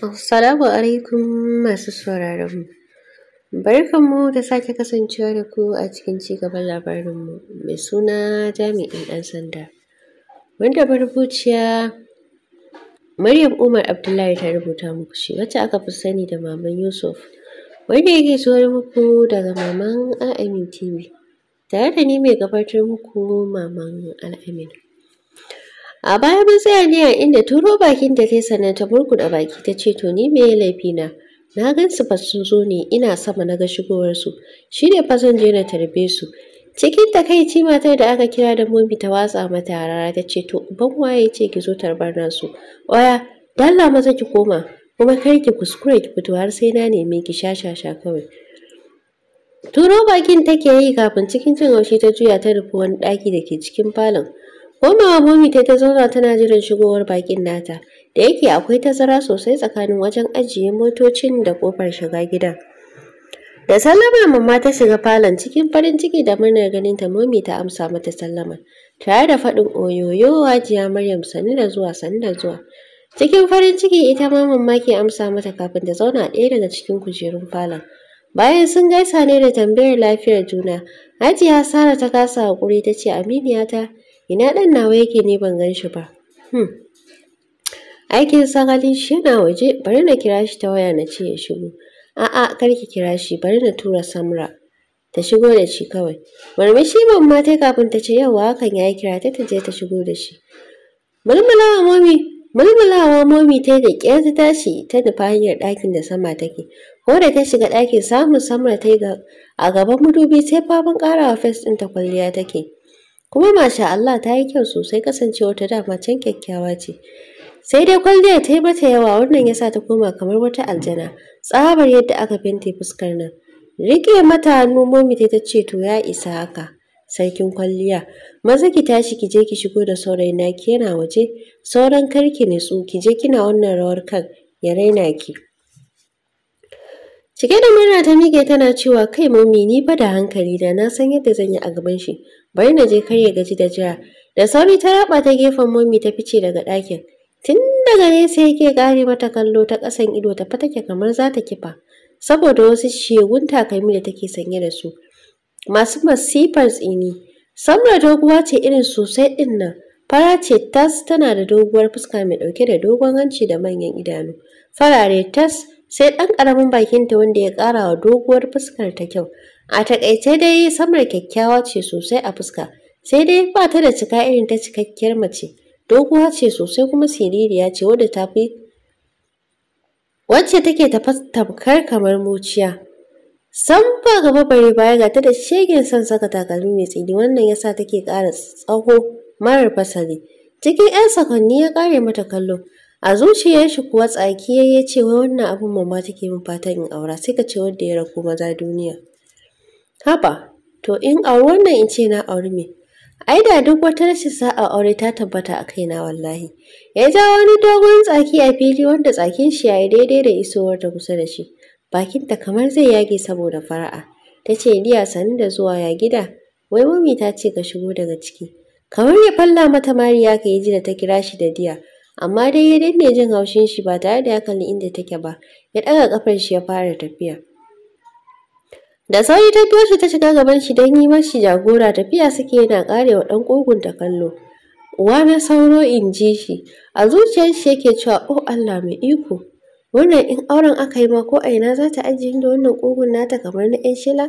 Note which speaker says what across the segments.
Speaker 1: Assalamu alaikum masu sauraron mu. Barkan mu da sake kasancewa da ku a cikin cigaban labarin mu mai suna jami'in ɗan sanda. Wanda barbuciya Maryam Umar Abdullahi ta rubuta muku shi wacce aka fi sani da Maman Yusuf. Wanda yake zuwa muku daga Maman Al'amin TV. Tare da ni mai gabatar muku Maman Al'amin. A baya mun tsaya ne a inda turo bakin da ta sannan ta burkuda baki ta ce to ni me ya laifi na? Na gan su fa sun zo ne ina sama na ga shigowarsu. Shi ne fa zan je na tarbe su. Cikin takaici matar da aka kira da mumi ta watsa mata rara ta ce to ban waye ce ki zo tarbar nasu. Waya. dalla maza ki koma kuma kai ki kuskure ki fito har sai na neme ki sha-sha-sha kawai. Turo bakin take yi kafin cikin cin haushi ta juya ta rufe wani daki da ke cikin falon. Komawa momi ta ta zauna tana jiran shigowar bakin nata, da yake akwai tazara sosai tsakanin wajen ajiye motocin da kofar shiga gidan. Da sallama mamma ta shiga falon cikin farin ciki da murnar ganin ta momi ta amsa mata sallama, tare da faɗin oyoyo hajiya Maryam sani da zuwa sani da zuwa. Cikin farin ciki ita ma mamma ke amsa mata kafin ta zauna ɗaya daga cikin kujerun falon. Bayan sun gaisa ne da tambayar lafiyar juna, Hajiya Sara ta kasa hakuri ta ce Aminiya ta ina ɗan nawa yake ne ban gan shi ba hmm. aikin sagali shi yana waje bari na kira shi ta waya na ce ya shigo a'a kar ki kira shi bari na tura samra ta shigo da shi kawai shi ban ma ta kafin ta ce yawa hakan ya kira ta ta je ta shigo da shi mulmulawa momi mulmulawa momi ta da ƙyar ta tashi ta nufa hanyar ɗakin da sama take ko da ta shiga ɗakin samun samra ta a gaban madubi sai faman ƙarawa fes ɗin ta kwalliya take kuma masha Allah ta yi kyau sosai kasancewar ta dama can kyakkyawa ce sai dai kwalliya ta yi mata yawa wannan ya sa ta koma kamar wata aljana tsabar yadda aka fente fuskar nan rike mata hannu momi ta ce to ya isa haka sarkin kwalliya maza ki tashi ki je ki shigo da saurayi na ki yana waje sauran karki nitsu ki je kina wannan rawar kan ya raina ki Cike da murna ta mike tana cewa kai mami ni fa da hankali da na san yadda zan yi a gaban shi bari na je kar ya gaji da jira da sauri ta raba ta gefen momi ta fice daga ɗakin tun daga nesa yake ƙare mata kallo ta ƙasan ido ta fatake kamar za ta kifa saboda wasu shegun takalmi da take sanye da su masu masifar tsini samra doguwa ce irin sosai ɗin nan fara ce tas tana da doguwar fuska mai ɗauke da dogon hanci da manyan idanu farare tas sai ɗan ƙaramin bakinta wanda ya ƙara wa doguwar fuskar ta kyau A takaice dai samar kyakkyawa ce sosai a fuska, sai dai ba ta da cika irin ta cikakkiyar mace. Doguwa ce sosai kuma siririya ce wadda ta fi wacce take tafas tamkar kamar muciya. Sam ba gaba bare baya ga ta da shegen son saka takalmi mai tsini wannan yasa take ƙara tsaho marar fasali. Cikin 'yan sakonni ya kare mata kallo. A zuciyar shi kuwa tsaki ya ce wa wannan abin mama take min fatan in aura sai ka ce wanda ya rago maza duniya. Haba, to in auri wannan in ce na auri me? Ai da duk wata rashin sa'a aure ta tabbata a kaina wallahi. Ya ja wani dogon tsaki a fili wanda tsakin shi yayi daidai da isowar da kusa da shi. Bakinta kamar zai yage saboda fara'a. Ta ce Liya sanin da zuwa ya gida. Wai mami ta ce ka shigo daga ciki. Kamar ya falla mata Mariya ka yi ji da ta kira shi da Diya. Amma dai ya danne jin haushin shi ba tare da ya kalli inda take ba. Ya ɗaga kafar shi ya fara tafiya. Da sauri ta biyo shi ta shiga gaban shi don yi mashi jagora tafiya suke yana wa ɗan ƙugun ta kallo. Uwa na sauro in ji shi, a zuciyar shi yake cewa oh Allah mai iko. Wannan in auren aka yi ma ko a ina za ta ajiye da wannan ƙugun nata kamar na ‘yan shila?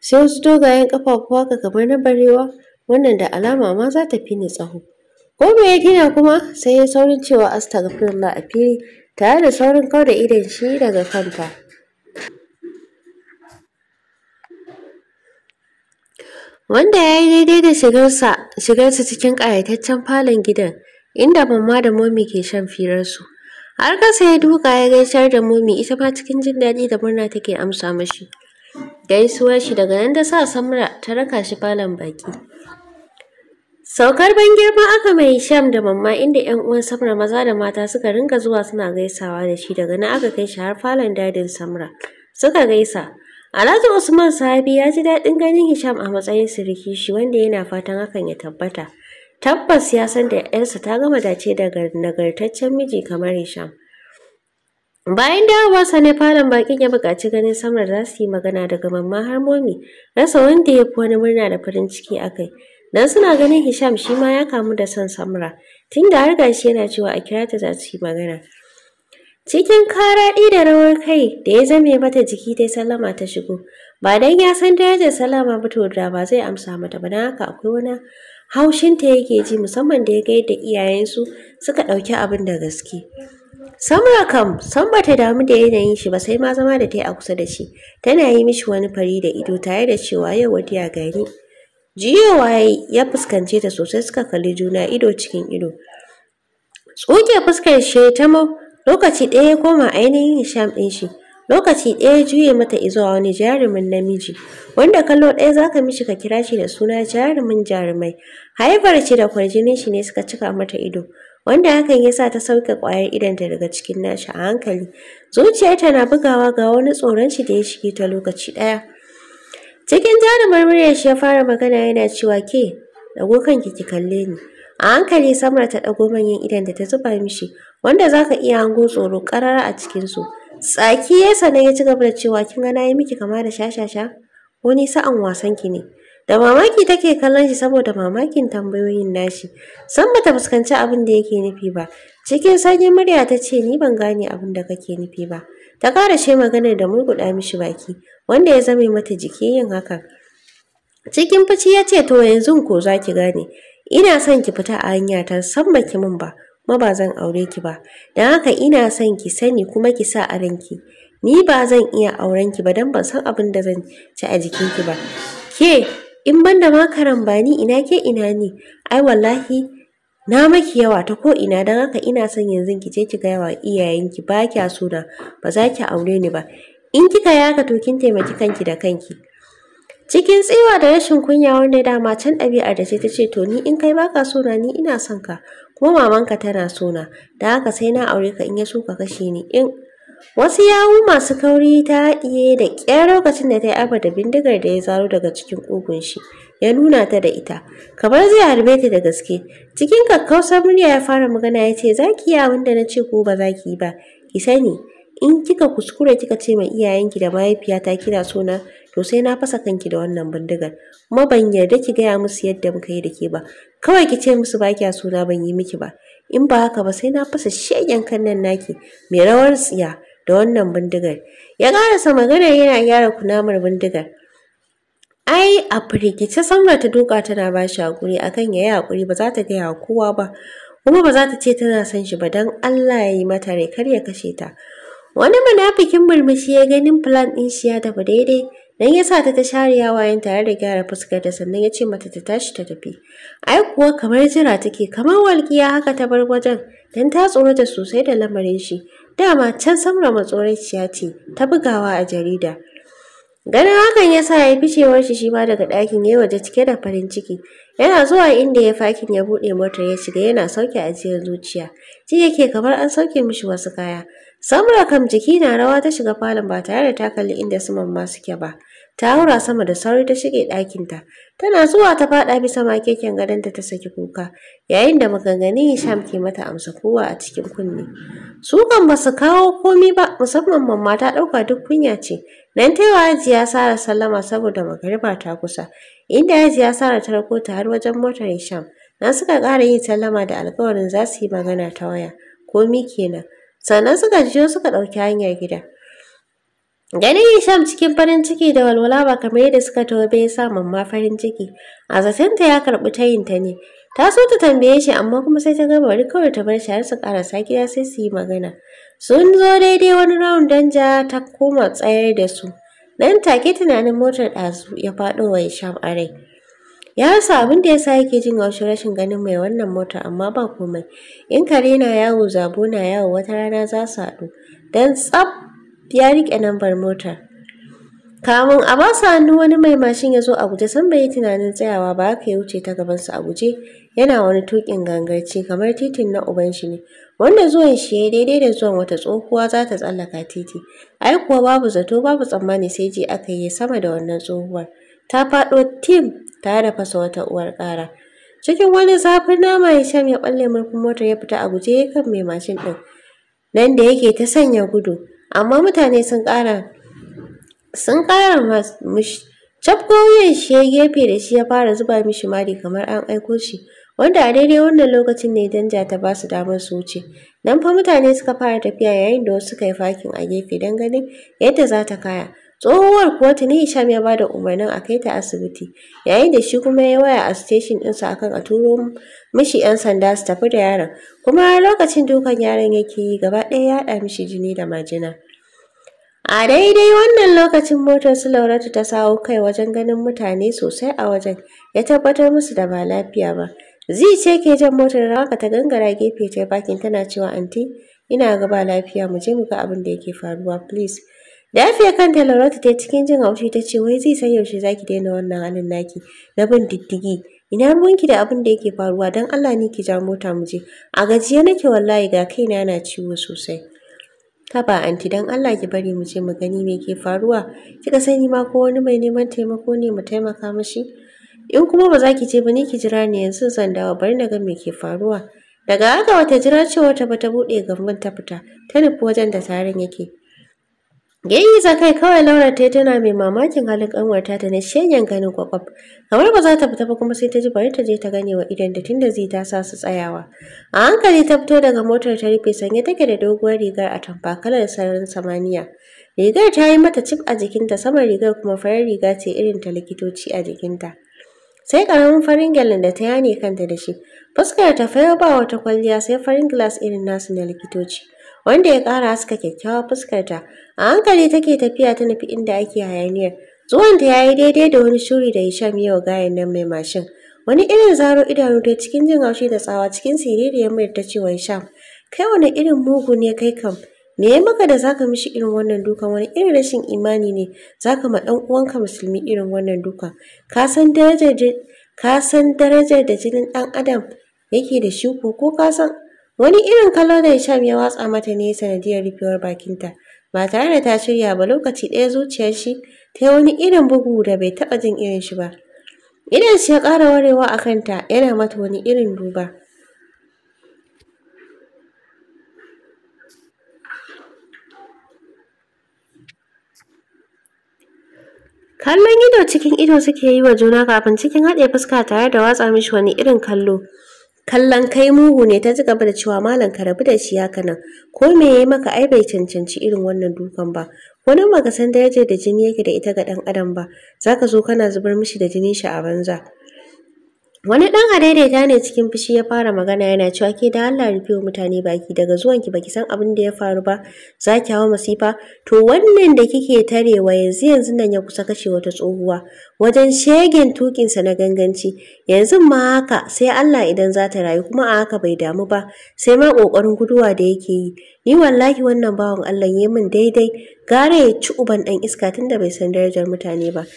Speaker 1: Sai wasu dogayen ƙafafuwa haka kamar na barewa, wannan da alama ma za ta fi ni tsaho. Ko me ya gina kuma sai ya saurin cewa astagfirullah a fili tare da saurin kawar da idon shi daga kanta. wanda ya yi daidai da shigarsa shigarsa cikin ƙayataccen falon gidan inda mamma da momi ke shan firarsu har kasa ya duka ya gaisar da momi ita ma cikin jin daɗi da murna take amsa mashi gaisuwar shi daga nan da sa samra ta raka shi falon baki saukar ban girma aka mai sham da mamma inda yan uwan samra maza da mata suka ringa zuwa suna gaisawa da shi daga nan aka kai shi har falon dadin samra suka gaisa Alhaji Usman Sabi ya ji daɗin ganin Hisham a matsayin siriki shi wanda yana fatan hakan ya tabbata. Tabbas ya san da ‘yarsa ta gama dace daga nagartaccen miji kamar Hisham. Bayan dawowarsa ne falon bakin ya buƙaci ganin samar za su yi magana daga mamma har momi, rasa wanda ya fi wani murna da farin ciki a kai. Dan suna ganin Hisham shi ma ya kamu da son samra, tunda har gashi yana cewa a kira ta za su yi magana. Cikin karaɗi da rawar kai da ya zame mata jiki ta sallama ta shigo. Ba dan ya san darajar sallama ba to da ba zai amsa mata ba na haka akwai wani haushin ta yake ji musamman da ya ga yadda iyayensu suka ɗauki abin da gaske. Samra kam san bata damu da yanayin shi ba sai ma zama da ta yi a kusa da shi. Tana yi mishi wani fari da ido tare da cewa yau ya gani. waye ya fuskance ta sosai suka kalli juna ido cikin ido. Tsoke fuskar shi ta lokaci ɗaya ya koma ainihin hisham ɗin shi lokaci ɗaya ya juye mata izuwa wani jarumin namiji wanda kallo ɗaya za ka mishi ka kira shi da suna jarumin jarumai haifar ce da kwarjinin shi ne suka cika mata ido wanda hakan ya sa ta sauke ƙwayar idanta daga cikin nashi a hankali zuciyarta na bugawa ga wani tsoron shi da ya shige ta lokaci ɗaya cikin jarumar murya shi ya fara magana yana cewa ke ɗago kanki ki kalle ni a hankali samar ta ɗago manyan idan da ta zuba mishi wanda za ka iya hango tsoro karara a cikin su Tsaki ya sannan ya ci gaba da cewa kin ga nayi miki kama da shashasha wani sa'an wasan ki ne. Da mamaki take kallon shi saboda mamakin tambayoyin nashi. San bata fuskanci abin da yake nufi ba. Cikin sanyin murya ta ce ni ban gane abin da kake nufi ba. Ta ƙara ce maganar da murguɗa mishi baki wanda ya zame mata jiki yin hakan. Cikin fici ya ce to yanzu ko zaki gane. Ina son ki fita a hanya ta san baki min ba. kuma ba zan aure ki ba Dan haka ina son ki sani kuma ki sa a ranki ni ba zan iya auren ki ba dan ban san abin da zan ci a jikin ki ba ke in ban da makaran ni, ina ke ina ni ai wallahi na maki yawa ta ko ina dan haka ina son yanzu ki je ki gaya wa iyayenki ba kya suna ba za ki aure ni ba in kika yaka to kin taimaki kanki da kanki Cikin tsiwa da rashin kunya wanda dama can ɗabi'ar da ce ta ce to ni in kai baka suna ni ina son ka kuma mamanka tana suna, da haka sai na aure ka in ya so ka kashe ni in Wasu yawu masu kauri ta haɗiye da ƙyar lokacin da ta yi arba da bindigar da ya zaro daga cikin ƙugun shi, ya nuna ta da ita, kamar zai harbe ta da gaske. Cikin kakkausar murya ya fara magana ya ce, Za ki yi abin da na ce ko ba za ki yi ba, ki sani, in kika kuskure kika ce ma iyayenki da mahaifiyata kina suna, to sai na fasa kanki da wannan bindigar kuma ban yarda ki gaya musu yadda muka yi da ke ba kawai ki ce musu ba kya so ban yi miki ba in ba haka ba sai na fasa shegen kannan naki mai rawar tsiya da wannan bindigar ya karasa magana yana gyara kunamar bindigar ai a firgice samra ta duka tana ba shi hakuri akan yayi hakuri ba za ta gaya kowa ba kuma ba za ta ce tana son shi ba don Allah ya yi mata rai kar ya kashe ta Wani munafikin murmushi ya ganin plan ɗin shi ya tafi daidai, dan ya sa ta ta share yawayen tare da gyara fuskar da sannan ya ce mata ta tashi ta tafi. Ai kuwa kamar jira take, kamar walƙiya haka ta bar wajen, dan ta tsorata sosai da lamarin shi. Dama can samra matsoraciya ce, ta bugawa a jarida. Ganin hakan ya sa ya cewar shi shi ma daga ɗakin ya waje cike da farin ciki. Yana zuwa inda ya fakin ya buɗe motar ya shiga yana sauke ajiyar zuciya. Ji yake kamar an sauke mishi wasu kaya. Samura kam jiki na rawa ta shiga falon ba tare da ta kalli inda su mamma suke ba. Ta haura sama da sauri ta shige ɗakinta. Tana zuwa ta faɗa bisa makeken gadonta ta saki kuka, yayin da maganganun Hisham ke mata amsa kowa a cikin kunne. Su kan ba su kawo komi ba, musamman mamma ta ɗauka duk kunya ce. Nan ta yi Hajiya Sara sallama saboda magariba ta kusa, inda Hajiya Sara ta rako ta har wajen motar Hisham. na suka ƙara yin sallama da alƙawarin za su yi magana ta waya. Komi kenan. sannan suka jiyo suka ɗauki hanyar gida. Ganin Hisham cikin farin ciki da walwala ba kamar yadda suka tobe ya sa mamma farin ciki, a ya karɓi tayinta ne. Ta so ta tambaye shi amma kuma sai ta gama bari kawai ta bar shi har su ƙarasa gida sai su yi magana. Sun zo daidai wani round ja ta koma tsayar da su. Nan take tunanin motar ɗazu ya faɗo wa Hisham a rai. ya rasa abin da ya sa yake jin gaushe rashin ganin mai wannan mota amma ba komai in kare na yawo zabo na yawo wata rana za su haɗu Dan tsaf ya riƙe lambar mota. kamun a ba su hannu wani mai mashin ya zo a guje san bai yi tunanin tsayawa ba haka ya wuce ta gaban su a guje yana wani tukin gangarci kamar titin na uban shi ne wanda zuwan shi ya daidai da zuwan wata tsohuwa za ta tsallaka titi ai kuwa babu zato babu tsammani sai ji aka yi sama da wannan tsohuwar ta faɗo tim ta da fasa wata uwar kara Cikin wani zafin nama ya sha ya balle murfin motar ya fita a guje kan mai mashin ɗin. Nan da yake ta sanya gudu, amma mutane sun kara sun kara mushi shi ya gefe da shi ya fara zuba mishi mari kamar an aiko shi, wanda a daidai wannan lokacin ne danja ta ba su damar su wuce. Nan fa mutane suka fara tafiya yayin da wasu suka yi fakin a gefe don ganin yadda za ta kaya. tsohuwar kuwa tuni isham ya bada umarnin a kai ta asibiti yayin da shi kuma ya waya a station sa akan a turo mishi 'yan sanda su tafi da yaron kuma lokacin dukan yaron yake yi gaba ɗaya ya haɗa mishi jini da majina. A daidai wannan lokacin motar su Lauratu ta sawo kai wajen ganin mutane sosai a wajen ya tabbatar musu da ba lafiya ba. Zai ce ke jan motar haka ta gangara gefe ta bakin tana cewa anti ina ga ba lafiya mu je mu ga abin da yake faruwa please. Da fiye kanta Lauratu ta cikin jin haushi ta ce wai zai san yaushe za ki daina wannan halin naki na bin diddigi. Ina ruwanki da abin da yake faruwa don Allah ne ki ja mota mu je. A gajiye nake wallahi ga kaina yana ciwo sosai. Haba anti don Allah ki bari mu je mu gani me ke faruwa. Kika sani ma ko wani mai neman taimako ne mu taimaka mashi. In kuma ba za ki je ba ni ki jira ni yanzu zan dawo bari na ga me ke faruwa. Daga haka wata jira ce wata bata buɗe gaban ta fita ta nufi wajen da taron yake. za kai kawai Laura ta tana mai mamakin halin kanwarta ta na shegen ganin kwakwaf. Kamar ba za ta fita ba kuma sai ta ji bari ta je ta gane wa idan da tunda zai ta sa su tsayawa. A hankali ta fito daga motar ta rufe sanye take da doguwar rigar a tamfa kalar sararin samaniya. Rigar ta yi mata cif a jikinta saman rigar kuma farar riga ce irin ta likitoci a jikinta. Sai karamin farin gyalen da ta yane kanta da shi. Fuskar ta fa ba wata kwalliya sai farin glass irin nasu na likitoci. wanda ya kara haska kyakkyawa fuskarta. A hankali take tafiya ta nufi inda ake hayaniyar. Zuwanta ya yi daidai da wani shuri da Hisham yau gayan nan mai mashin. Wani irin zaro idanu da cikin jin haushi da tsawa cikin siririyar mai ta ce wa Hisham, kai wani irin mugu ne kai kam, me ya maka da zaka mishi irin wannan dukan wani irin rashin imani ne zaka ma dan uwanka musulmi irin wannan dukan ka san darajar ka san darajar da jinin dan adam yake da shi ko ko ka san Wani irin kallo da Hisham ya watsa mata ne sanadiyar rufewar bakinta, ba tare da ta shirya ba lokaci ɗaya zuciyar shi ta wani irin bugu da bai taɓa jin irin shi ba. Idan shi ya ƙara warewa a kanta yana mata wani irin duba. Kallon ido cikin ido suke yi wa juna kafin cikin haɗe fuska tare da watsa mishi wani irin kallo. Kallon kai mugu ne ta ci gaba da cewa malam ka rabu da shi haka nan, ko me ya maka ai bai cancanci irin wannan dukan ba. Wani magasan da ya je da jini yake da ita ga ɗan adam ba, zaka zo kana zubar mishi da jinin shi a banza. Wani ɗan adaidaita ne cikin fushi ya fara magana yana cewa ke da Allah rufe wa mutane baki daga zuwanki baki san abin da ya faru ba za ki hawa masifa to wannan da kike tarewa yanzu yanzu nan ya kusa kashe wata tsohuwa wajen shegen tukinsa na ganganci yanzu ma haka sai Allah idan za ta rayu kuma a haka bai damu ba sai ma ƙoƙarin guduwa da yake yi ni wallahi wannan bawan Allah ya min daidai gara ya ci uban ɗan iska tunda bai san darajar mutane ba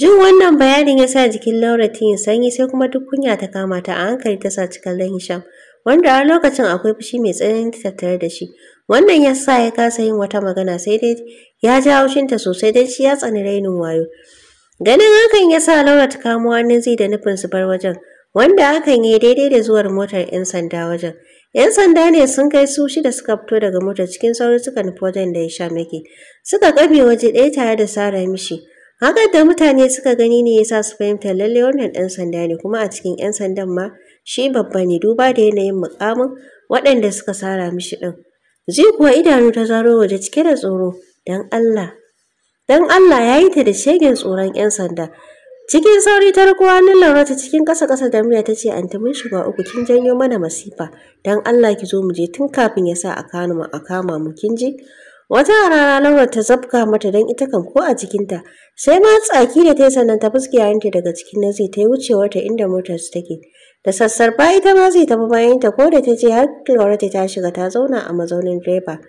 Speaker 1: Jin wannan bayanin ya sa jikin Laura ta yin sanyi sai kuma duk kunya ta kama ta a hankali ta sa saci kallon Hisham, wanda a lokacin akwai fushi mai tsanani ta tattare da shi. Wannan ya sa ya kasa yin wata magana sai dai ya ja haushinta sosai dan shi ya tsani rainin wayo. Ganin hakan ya sa Laura ta kamo hannun zai da nufin su bar wajen, wanda hakan ya daidai da zuwar motar 'yan sanda wajen. 'Yan sanda ne sun kai su shida suka fito daga motar cikin sauri suka nufi wajen da ya sha Suka kabe waje ɗaya tare da Sara mishi. Hakan da mutane suka gani ne yasa su fahimta lalle wannan dan sanda ne kuma a cikin 'yan sandan ma shi babba ne duba da yanayin mukamin waɗanda suka sara mishi ɗin. Zai kuwa idanu ta zaro waje cike da tsoro dan Allah. Don Allah ya yi ta da shegen tsoron 'yan sanda. Cikin sauri ta riko hannun Laurata cikin ƙasa-ƙasa da murya ta ce anti mun shiga uku kin janyo mana masifa dan Allah ki zo mu je tun kafin ya sa a kama mu kin ji. wata rana Laura ta zabga mata don ita kan ko a jikinta sai ma tsaki da ta yi sannan ta fuske yayinta daga cikin nazi ta yi wucewar ta inda motar su take da sassar ba ita ma zai tafi bayan ta ko da ta je har Laura ta shiga ta zauna a mazaunin direba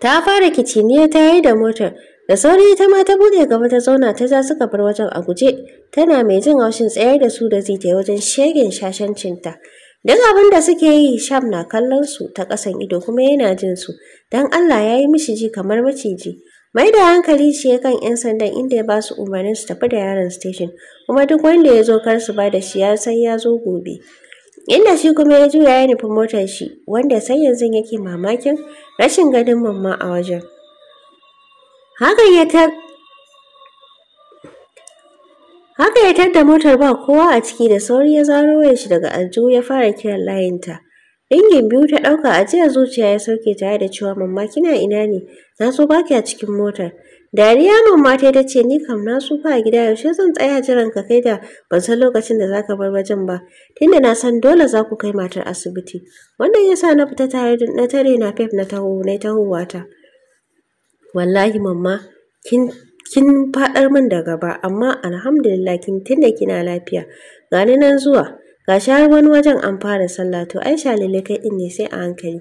Speaker 1: ta fara kiciniya ta yi da motar da sauri ita ma ta bude gaba ta zauna ta za suka bar wajen a guje tana mai jin haushin tsayar da su da zai ta yi wajen shegen shashancinta. Duk abin da suke yi Sham na kallon su ta ƙasan ido kuma yana jin su, dan Allah ya yi mishi ji kamar maciji. Mai da hankali shi kan 'yan sandan inda ya ba su umarnin su tafi da yaron station, kuma duk wanda ya zo kar su ba da shi ya san ya zo gobe. Inda shi kuma ya juya ya nufi motar shi, wanda sai yanzu yake mamakin rashin ganin mamma a wajen. Hakan ya Haka ya tadda motar ba kowa a ciki da sauri ya zaro waya shi daga aljihu ya fara kiran layinta. dingin biyu ta ɗauka a jiya zuciya ya sauke tare da cewa mamma kina ina ne? Na so baki a cikin motar. Dariya mamma ta ta ce ni kam na tsufa a gida yaushe zan tsaya jiran ka kai da ban san lokacin da zaka bar wajen ba tunda na san dole za ku kai matar asibiti. Wannan yasa na fita tare na tare na pep na taho na tahowa ta. Wallahi mamma kin kin faɗar min da gaba amma alhamdulillah kin tunda kina lafiya gani nan zuwa ga shi har wani wajen an fara sallah to ai shalile kai in ne sai a hankali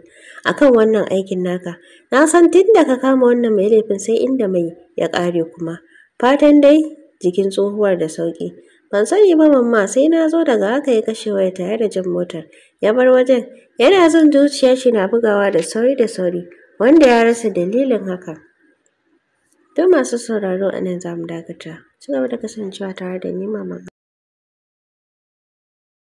Speaker 1: akan wannan aikin naka na san tunda ka kama wannan mai laifin sai inda mai ya ƙare kuma fatan dai jikin tsohuwar da sauki ban sani ba mamma sai na zo daga haka ya kashe waya tare da jan motar ya bar wajen yana zan zuciya shi na bugawa da sauri da sauri wanda ya rasa dalilin hakan Don masu sauraro a nan za mu dakata. Ci gaba da kasancewa tare da ni magana.